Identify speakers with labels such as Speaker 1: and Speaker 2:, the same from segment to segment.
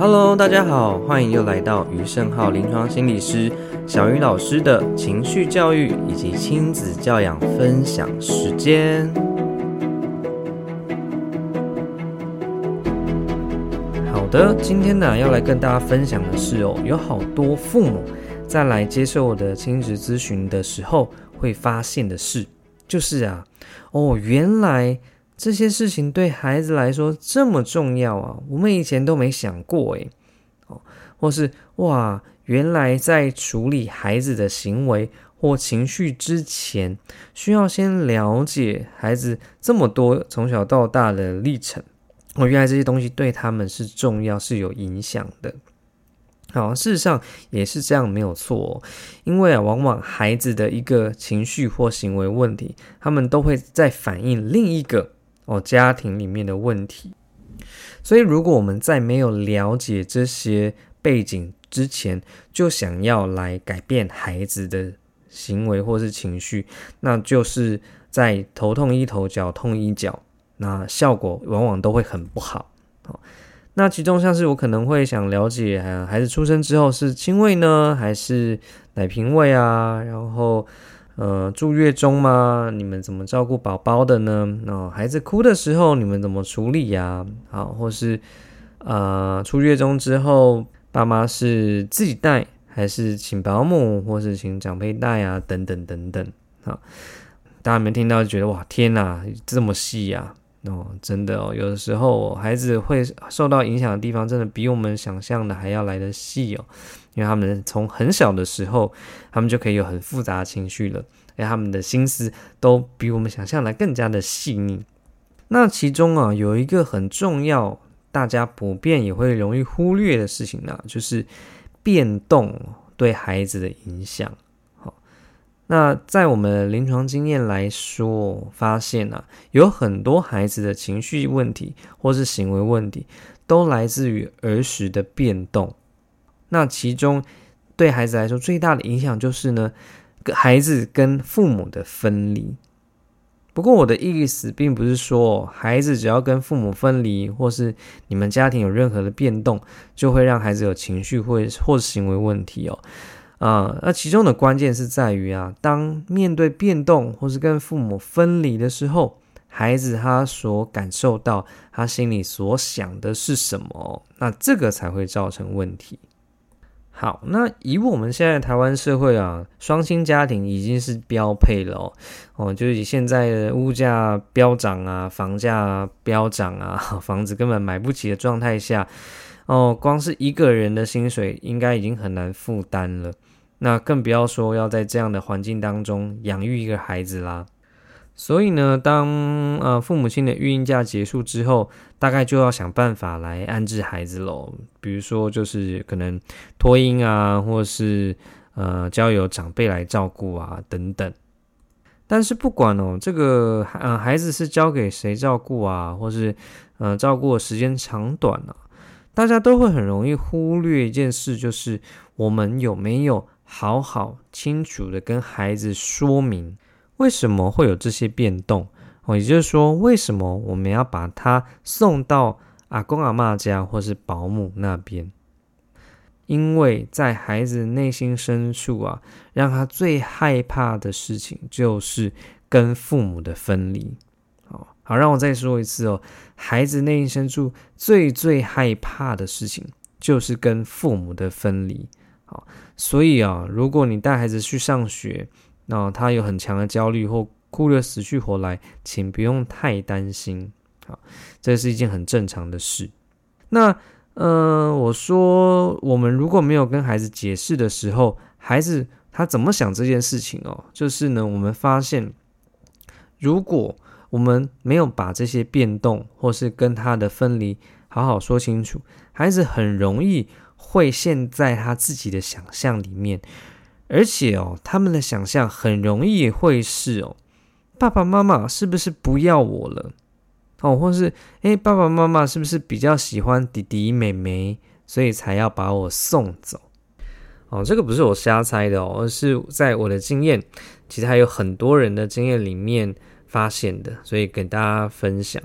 Speaker 1: Hello，大家好，歡迎又來到余勝皓臨床心理師小魚老師的情緒教育以及親子教養分享時間。好的，今天呢，要來跟大家分享的是哦，有好多父母在來接受我的親子諮詢的時候會發現的事，就是啊，哦，原來。這些事情對孩子來說這麼重要啊！我們以前都沒想過，誒。哦，或是哇，原來在處理孩子的行為或情緒之前，需要先了解孩子這麼多從小到大的歷程。哦，原來這些東西對他們是重要，是有影響的。好，事實上也是這樣，沒有錯哦。因為啊，往往孩子的一個情緒或行為問題，他們都會在反映另一個。哦，家庭裡面的問題，所以如果我們在沒有了解這些背景之前，就想要來改變孩子的行為或是情緒，那就是在頭痛醫頭、腳痛醫腳，那效果往往都會很不好。好，那其中像是我可能會想了解，啊、孩子出生之後是親餵呢，還是奶瓶餵啊？然後。呃，住月中嗎？你們怎麼照顧寶寶的呢？那、哦、孩子哭的時候，你們怎麼處理呀、啊？好，或是啊，出、呃、月中之後，爸媽是自己帶，還是請保姆，或是請長輩帶啊？等等等等，好，大家有沒有聽到，就覺得哇，天吶，這麼細呀、啊！哦，真的哦，有的時候哦，孩子會受到影響的地方，真的比我們想象的還要來得細哦，因為他們從很小的時候，他們就可以有很複雜的情緒了，而他們的心思都比我們想象的更加的細膩。那其中啊，有一個很重要，大家普遍也會容易忽略的事情呢，啊，就是變動對孩子的影響。那在我們臨床經驗來說，發現啊，有很多孩子的情緒問題或是行為問題，都來自於兒時的變動。那其中對孩子來說最大的影響就是呢，孩子跟父母的分離。不過我的意思並不是說，孩子只要跟父母分離，或是你們家庭有任何的變動，就會讓孩子有情緒或或行為問題哦。啊，那、嗯、其中的關鍵是在於啊，當面對變動或是跟父母分離的時候，孩子他所感受到，他心裡所想的是什麼，那這個才會造成問題。好，那以我們現在的台灣社會啊，雙薪家庭已經是標配了哦，哦，就是以現在的物價飆漲啊，房價飆漲啊，房子根本買不起的狀態下，哦，光是一個人的薪水應該已經很難負擔了，那更不要說要在這樣的環境當中養育一個孩子啦。所以呢，當呃父母親的育嬰假結束之後，大概就要想辦法來安置孩子嘍。比如說，就是可能托嬰啊，或是呃交由長輩來照顧啊，等等。但是不管哦，這個呃孩子是交給誰照顧啊，或是呃照顧的時間長短呢、啊？大家都會很容易忽略一件事，就是我們有沒有好好清楚的跟孩子說明為什麼會有這些變動哦。也就是說，為什麼我們要把他送到阿公阿嬤家或是保姆那邊？因為在孩子內心深處啊，讓他最害怕的事情就是跟父母的分離。好，讓我再說一次哦。孩子內心深處最最害怕的事情，就是跟父母的分離。好，所以啊，如果你帶孩子去上學，那他有很強的焦慮或哭得死去活來，請不用太擔心。好，這是一件很正常的事。那，呃，我說，我們如果沒有跟孩子解釋的時候，孩子他怎麼想這件事情哦？就是呢，我們發現，如果我們沒有把這些變動，或是跟他的分離，好好說清楚，孩子很容易會陷在他自己的想象裡面，而且哦，他們的想象很容易會是哦，爸爸媽媽是不是不要我了？哦，或是哎、欸，爸爸媽媽是不是比較喜歡弟弟妹妹，所以才要把我送走？哦，這個不是我瞎猜的哦，而是在我的經驗，其實還有很多人的經驗裡面。發現的，所以給大家分享。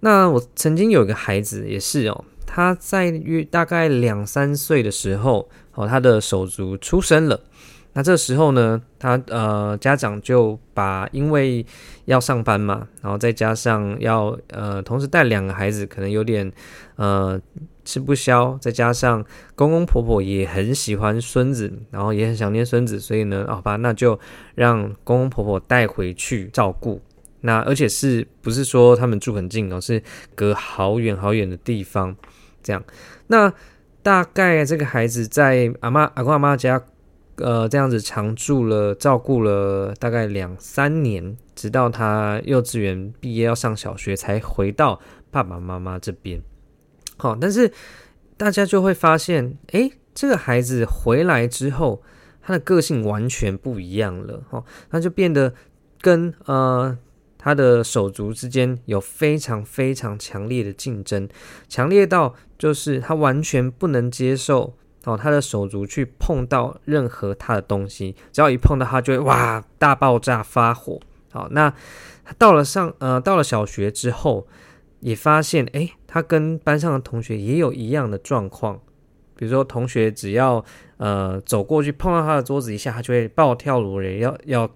Speaker 1: 那我曾經有一個孩子也是哦，他在約大概兩三歲的時候，哦，他的手足出生了。那這時候呢，他呃家長就把因為要上班嘛，然後再加上要呃同時帶兩個孩子，可能有點呃吃不消，再加上公公婆婆也很喜歡孫子，然後也很想念孫子，所以呢，好吧，那就讓公公婆婆帶回去照顧。那而且是不是說他們住很近而，哦，是隔好遠好遠的地方這樣。那大概這個孩子在阿媽阿公阿媽家，呃，這樣子常住了，照顧了大概兩三年，直到他幼稚園畢業要上小學，才回到爸爸媽媽這邊。好、哦，但是大家就會發現，誒、欸，這個孩子回來之後，他的個性完全不一樣了。哈、哦，他就變得跟呃。他的手足之間有非常非常強烈的競爭，強烈到就是他完全不能接受哦，他的手足去碰到任何他的東西，只要一碰到他就會哇大爆炸發火。好，那他到了上呃到了小學之後，也發現誒、欸，他跟班上的同學也有一樣的狀況，比如說同學只要呃走過去碰到他的桌子一下，他就會暴跳如雷，要要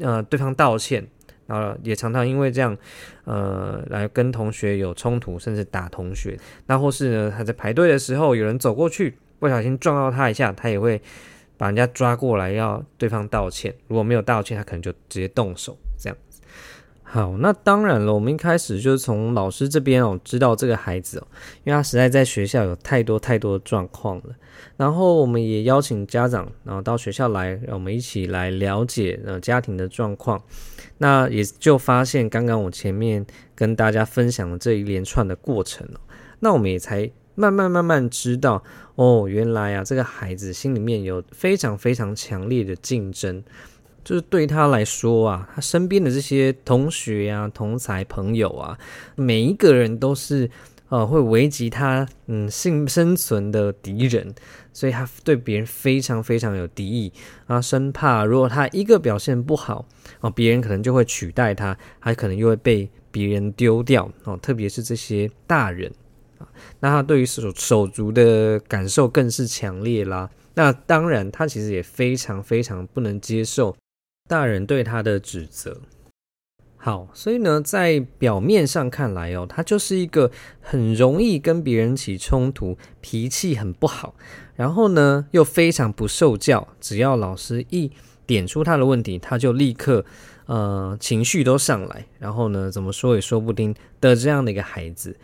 Speaker 1: 呃對方道歉。然後也常常因為這樣，呃，來跟同學有衝突，甚至打同學。那或是呢，他在排隊的時候，有人走過去，不小心撞到他一下，他也會把人家抓過來要對方道歉。如果沒有道歉，他可能就直接動手，這樣。好，那當然了，我們一開始就從老師這邊哦知道這個孩子哦，因為他實在在學校有太多太多的狀況了。然後我們也邀請家長，然後到學校來，讓我們一起來了解呃家庭的狀況。那也就發現，剛剛我前面跟大家分享的這一連串的過程哦，那我們也才慢慢慢慢知道哦，原來啊這個孩子心裡面有非常非常強烈的競爭。就是對他來說啊，他身邊的這些同學呀、啊、同儕朋友啊，每一個人都是呃會危及他嗯性生存的敵人，所以他對別人非常非常有敵意啊，他生怕如果他一個表現不好哦、呃，別人可能就會取代他，他可能又會被別人丟掉哦、呃，特別是這些大人、呃、那他對於手手足的感受更是強烈啦。那當然，他其實也非常非常不能接受大人對他的指責，好，所以呢，在表面上看來哦，他就是一個很容易跟別人起衝突、脾氣很不好，然後呢又非常不受教，只要老師一點出他的問題，他就立刻呃情緒都上來，然後呢怎麼說也說不定聽的這樣的一個孩子。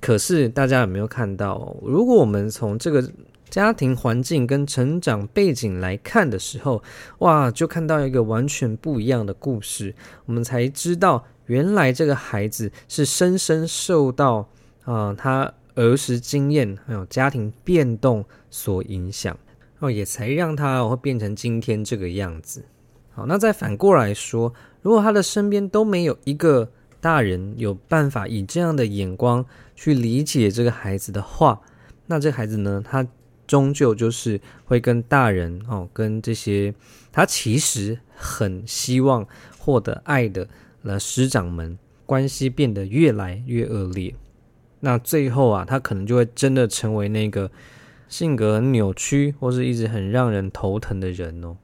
Speaker 1: 可是大家有沒有看到，如果我們從這個。家庭環境跟成長背景來看的時候，哇，就看到一個完全不一樣的故事。我們才知道，原來這個孩子是深深受到啊、呃，他兒時經驗還有家庭變動所影響，哦，也才讓他會變成今天這個樣子。好，那再反過來說，如果他的身邊都沒有一個大人有辦法以這樣的眼光去理解這個孩子的話，那這孩子呢，他。終究就是會跟大人哦，跟這些他其實很希望獲得愛的那師長們關係變得越來越惡劣。那最後啊，他可能就會真的成為那個性格很扭曲或是一直很讓人頭疼的人哦。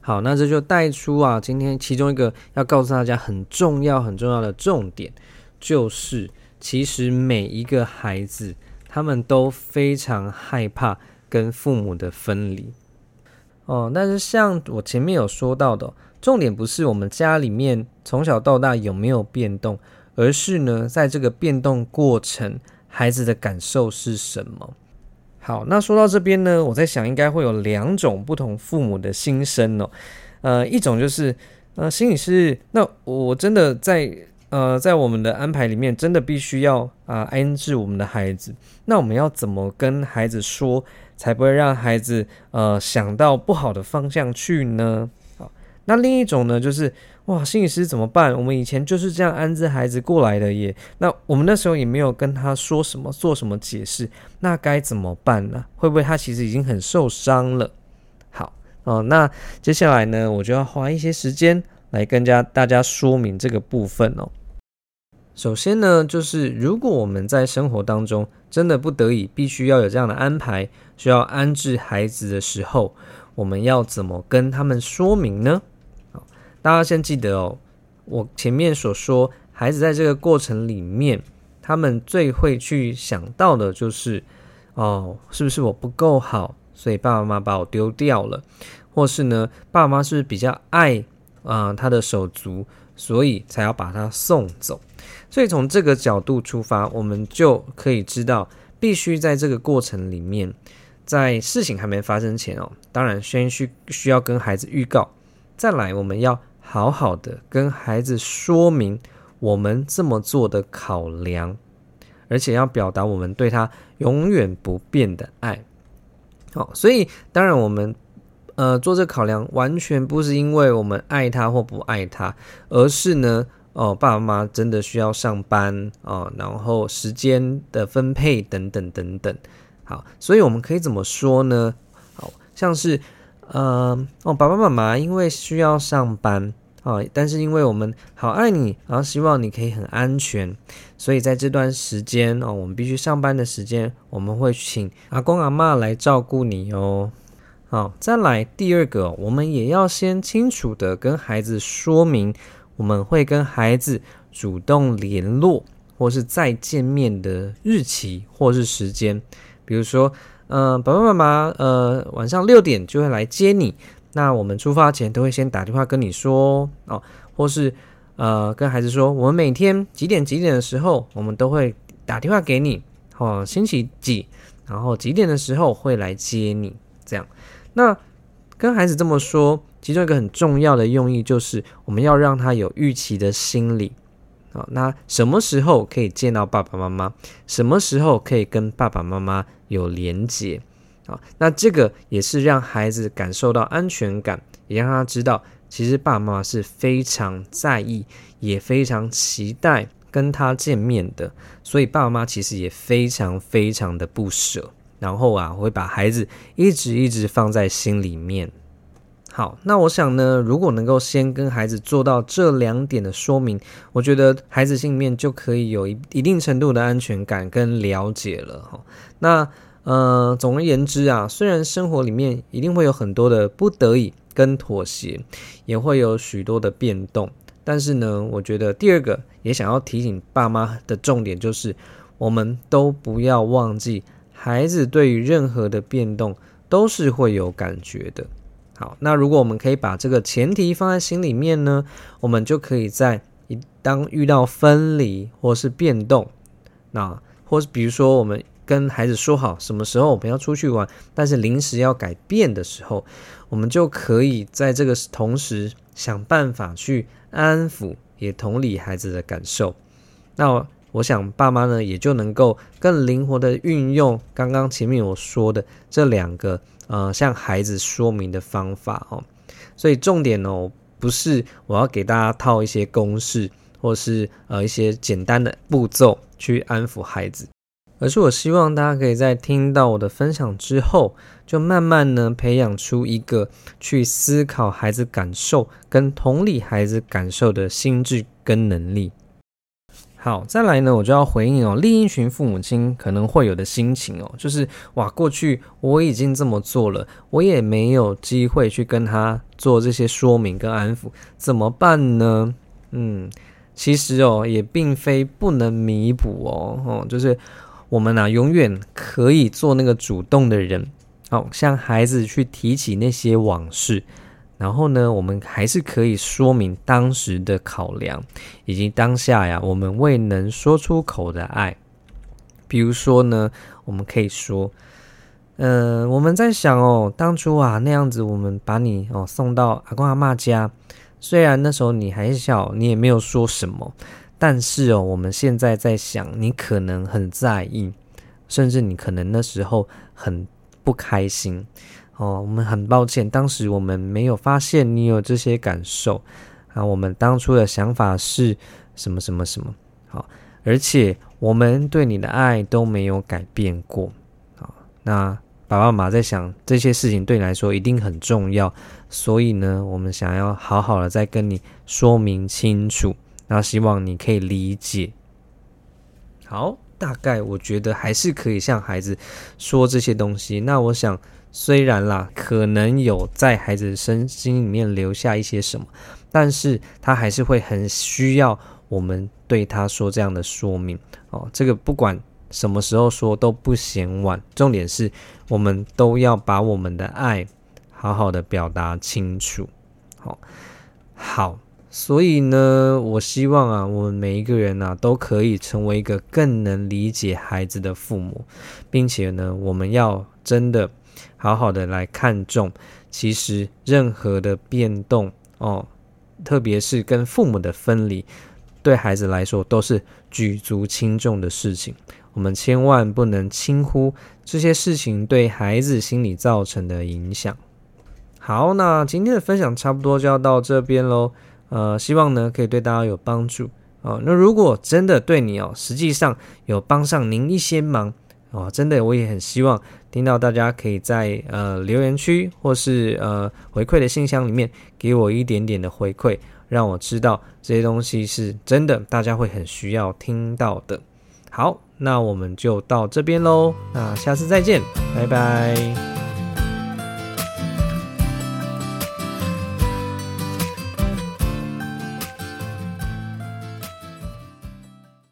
Speaker 1: 好，那這就帶出啊，今天其中一個要告訴大家很重要很重要的重點，就是其實每一個孩子，他們都非常害怕跟父母的分離哦。但是像我前面有說到的，重點不是我們家裡面從小到大有沒有變動，而是呢，在這個變動過程，孩子的感受是什麼。好，那說到這邊呢，我在想，應該會有兩種不同父母的心聲哦。呃，一種就是呃，心理師，那我真的在。呃，在我們的安排裡面，真的必須要啊、呃、安置我們的孩子。那我們要怎麼跟孩子說，才不會讓孩子呃想到不好的方向去呢？好，那另一種呢，就是哇，心理師怎麼辦？我們以前就是這樣安置孩子過來的耶。那我們那時候也沒有跟他說什麼，做什麼解釋，那該怎麼辦呢？會不會他其實已經很受傷了？好，哦、呃，那接下來呢，我就要花一些時間來跟家大家說明這個部分哦、喔。首先呢，就是如果我們在生活當中真的不得已必須要有這樣的安排，需要安置孩子的時候，我們要怎麼跟他們說明呢？哦，大家先記得哦，我前面所說，孩子在這個過程裡面，他們最會去想到的就是，哦，是不是我不夠好，所以爸爸媽媽把我丟掉了，或是呢，爸爸媽是不是比較愛，啊、呃，他的手足？所以才要把他送走，所以從這個角度出發，我們就可以知道，必須在這個過程裡面，在事情還沒發生前哦，當然先需需要跟孩子預告，再來我們要好好的跟孩子說明我們這麼做的考量，而且要表達我們對他永遠不變的愛。好，所以當然我們。呃，做這考量完全不是因為我們愛他或不愛他，而是呢，哦，爸爸媽媽真的需要上班啊、哦，然後時間的分配等等等等。好，所以我們可以怎麼說呢？好，像是，嗯、呃，哦，爸爸媽媽因為需要上班啊、哦，但是因為我們好愛你，然後希望你可以很安全，所以在這段時間哦，我們必須上班的時間，我們會請阿公阿嬤來照顧你哦。好，再來第二個，我們也要先清楚的跟孩子說明，我們會跟孩子主動聯絡，或是再見面的日期或是時間。比如說，呃，爸爸媽媽，呃，晚上六點就會來接你。那我們出發前都會先打電話跟你說哦，或是呃，跟孩子說，我們每天幾點幾點的時候，我們都會打電話給你哦，星期幾，然後幾點的時候會來接你，這樣。那跟孩子這麼說，其中一個很重要的用意就是我們要讓他有預期的心理啊。那什麼時候可以見到爸爸媽媽？什麼時候可以跟爸爸媽媽有連接？啊？那這個也是讓孩子感受到安全感，也讓他知道，其實爸媽是非常在意，也非常期待跟他見面的。所以，爸媽其實也非常非常的不捨。然後啊，會把孩子一直一直放在心裡面。好，那我想呢，如果能夠先跟孩子做到這兩點的說明，我覺得孩子心裡面就可以有一一定程度的安全感跟了解了哈。那呃，總而言之啊，雖然生活裡面一定會有很多的不得已跟妥協，也會有許多的變動，但是呢，我覺得第二個也想要提醒爸媽的重點就是，我們都不要忘記。孩子對於任何的變動都是會有感覺的。好，那如果我們可以把這個前提放在心裡面呢，我們就可以在一當遇到分離或是變動，那或是比如說我們跟孩子說好什麼時候我們要出去玩，但是臨時要改變的時候，我們就可以在這個同時想辦法去安撫，也同理孩子的感受。那。我想爸媽呢，也就能夠更靈活地運用剛剛前面我說的這兩個呃，向孩子說明的方法哦。所以重點呢、哦，不是我要給大家套一些公式，或是呃一些簡單的步驟去安撫孩子，而是我希望大家可以在聽到我的分享之後，就慢慢呢培養出一個去思考孩子感受跟同理孩子感受的心智跟能力。好，再來呢，我就要回應哦，另一群父母親可能會有的心情哦，就是哇，過去我已經這麼做了，我也沒有機會去跟他做這些說明跟安撫，怎麼辦呢？嗯，其實哦，也並非不能彌補哦，哦，就是我們啊，永遠可以做那個主動的人，好、哦，向孩子去提起那些往事。然後呢，我們還是可以說明當時的考量，以及當下呀，我們未能說出口的愛。比如說呢，我們可以說，呃，我們在想哦，當初啊，那樣子我們把你哦送到阿公阿媽家，雖然那時候你還小，你也沒有說什麼，但是哦，我們現在在想，你可能很在意，甚至你可能那時候很不開心。哦，我們很抱歉，當時我們沒有發現你有這些感受啊。我們當初的想法是什麼什麼什麼。好、啊，而且我們對你的愛都沒有改變過啊。那爸爸媽媽在想這些事情對你來說一定很重要，所以呢，我們想要好好的再跟你說明清楚，那、啊、希望你可以理解。好，大概我覺得還是可以向孩子說這些東西。那我想。雖然啦，可能有在孩子身心裡面留下一些什麼，但是他還是會很需要我們對他說這樣的說明哦。這個不管什麼時候說都不嫌晚，重點是我們都要把我們的愛好好的表達清楚。好，好，所以呢，我希望啊，我們每一個人呢、啊，都可以成為一個更能理解孩子的父母，並且呢，我們要真的。好好的來看重，其實任何的變動哦，特別是跟父母的分離，對孩子來說都是舉足輕重的事情。我們千萬不能輕忽這些事情對孩子心理造成的影響。好，那今天的分享差不多就要到這邊嘍。呃，希望呢可以對大家有幫助啊。哦，那如果真的對你哦，實際上有幫上您一些忙。哦，真的，我也很希望聽到大家可以在呃留言區或是呃回饋的信箱裡面給我一點點的回饋，讓我知道這些東西是真的，大家會很需要聽到的。好，那我們就到這邊嘍，那下次再見，拜拜。